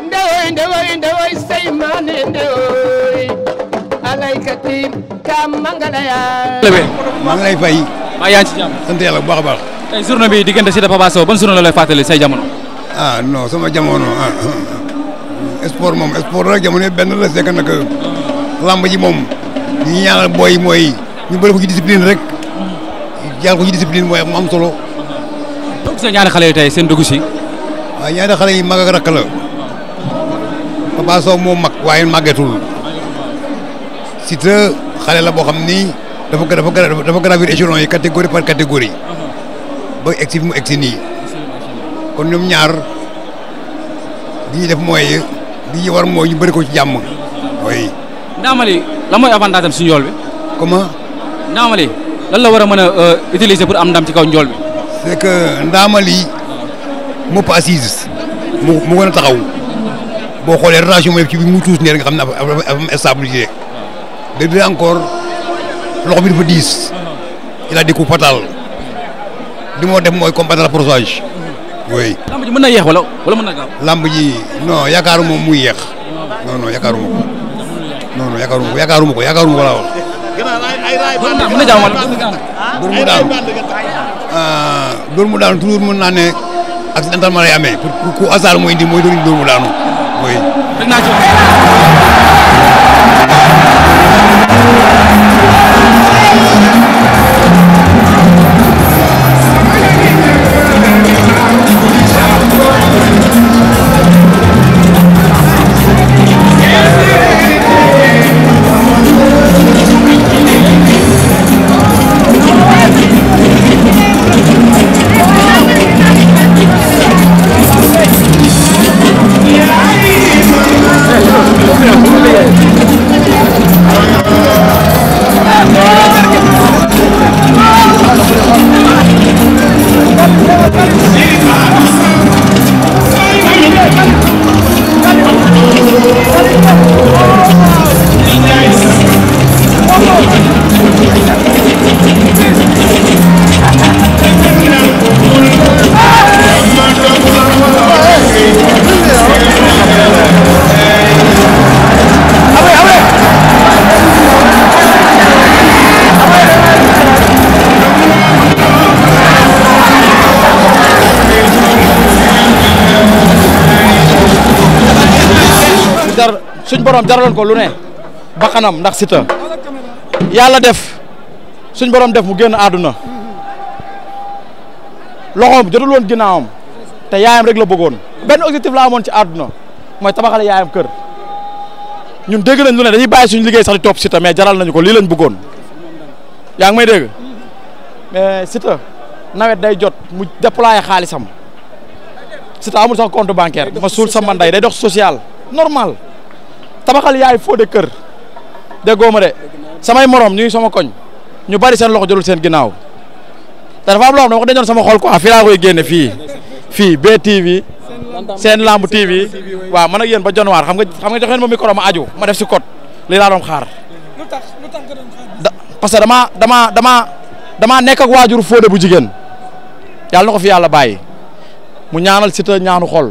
ndewoy ndewoy ndewoy seymane ndewoy alay katim kam ya lebe ngi lay fay maa yaa ci jàmm sant yàlla bu baax baax tey journée bi diggante si dafa baasoo ban journée la lay fàttali say jamono ah non sama jamono ah, ah, ah. sport mom, sport rek jamono benn la c'est que nag lamb ji moom ñi ñaanal booy mooy ñu bëri ko ci discipline rek jaar ko ci discipline mooy mu am solo donc sa ñaari xale yi tey seen dugg si waaw ah, ñaari xale yi mag ak rakk la Papa Sow moo mag waaye màggetul Siteu xale la boo xam ni dafa dafa dafa gravir échelon yi catégorie par catégorie uh-huh. ba egsi fi mu kon ñoom ñaar li ñuy def mooy li ñuy war mooy ñu bëri ko ci jàmm oui. Ndaamali la mooy avantage am si njool bi. comment. Ndaamali lan la war a mën a euh, utiliser pour am ndam ci kaw njool bi. c'est que Ndaamali moo pas assise mu mu gën a taxaw. boo xoolee rotation mooy ci bi nga xam ne dafa stabilisé léegi dina encore loxo bi dafa diis il a des coups fatals moo def mooy combattre rapprochage oui. lamb ji mën na yéex wala wala mën na gaaw. non non non yaakaaruma ko non non yaakaaruma ko yaakaaruma ko yaakaaruma ko laa wala dóor mu daanu ah, dóor mu daanu toujours mën naa ne accidentellement lay amee pour ku asaar mooy indi mooy mu daanu. 回那就 suñ borom jaraloon ko lu ne bakkanam ndax Siteu yàlla def suñ borom def mu génn àdduna loxoom jotul woon ginnaawam te yaayam rek la bëggoon benn objectif la amoon ci àdduna mooy tabaxale yaayam kër ñun dégg nañ lu ne dañuy bàyyi suñ liggéey sax di topp Siteu mais jaral nañu ko lii lañ bëggoon yaa ngi may dégg mais Siteu nawet day jot mu déployer xaalisam Siteu amul sax compte bancaire ma suul sama nday day dox social normal tabaxal yaay de kër de goma de samay morom ñuy sama koñ ñu bari seen loxo jorul seen ginaaw te fa am loo wax dañoon sama xol ko fi la koy fi fi b tv seen lamb TV wa man ak yeen ba januar xam nga xam nga joxen ma micro ma aju ma def ci code li la doon xaar. lutax lutax dama dama nga doon xaar. parce que damaa damaa damaa damaa nekk ak waajur bu jigen yalla nako fi yalla baye mu ñaanal si te ñaanu xol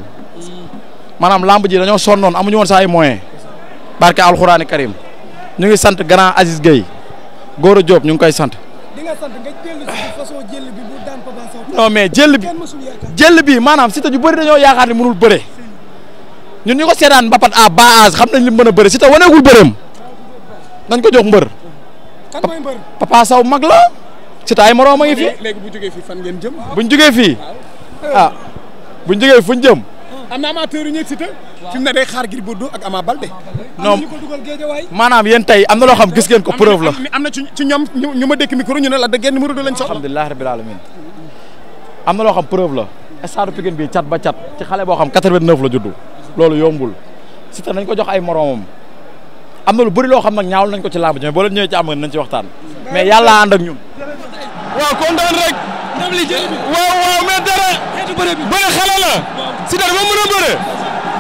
manam lamb ji dañoo sonnon amuñu sa ay moyens. barke alxuraani karim ñu ngi sant grand Aziz Gueye Gora Diop ñu ngi koy sant. di mais jël bi jël bi maanaam Siteu ñu bëri dañoo yaakaar ni mënul bëre ñun ñu ko seetaan mbapat à bas âge xam nañ li mën a bëre Siteu waneegul bëreem dañ ko jox mbër. kan mooy mbër Papa Sow mag la Siteu ay moroom a fi. léegi bu jógee fii fan ngeen jëm. buñ jógee fii ah fuñ jëm. fi mu ne day xaar Gris Bordeaux ak Ama Baldé. non maanaam yéen tey am na loo xam gis ngeen ko preuve la. am na ci ci ñoom ñu ma dëkk micro ñu ne la da ngeen numéro de lañ soxla. alhamdulilah alamin am na loo xam preuve la. stade Pikine bi cat ba cat ci xale boo xam 89 la juddu loolu yombul si te nañ ko jox ay moromam am na lu bëri loo xam nag ñaawul nañ ko ci làmb ji mais ma leen ñëwee ci am nañ ci waxtaan mais yàlla ànd ak ñun. waaw kontaan rek. ndam a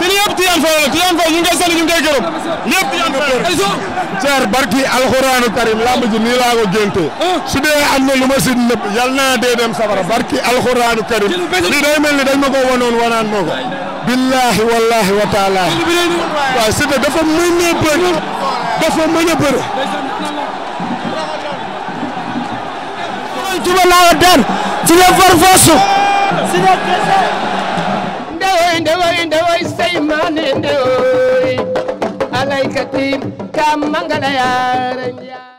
te lii yëpp Tidiane Faye la Tidiane Faye ñu ngi koy sant ñu ngi koy gërëm lépp Tidiane Faye la. Thierre barki alxuraanu karim lamb ji nii laa ko géntee. Ah. su dee am na lu ma si nëpp yal naa dee dem safara barki alxuraanu karim lii day mel ni dañ ma ko wanoon wanaan ma ko. billahi wallahi wa taala. waaw c' dafa mën a bëri dafa mën a bëri. tuba laa der ci la farfoosu. imanende oy alaykati kam mangala yaran ya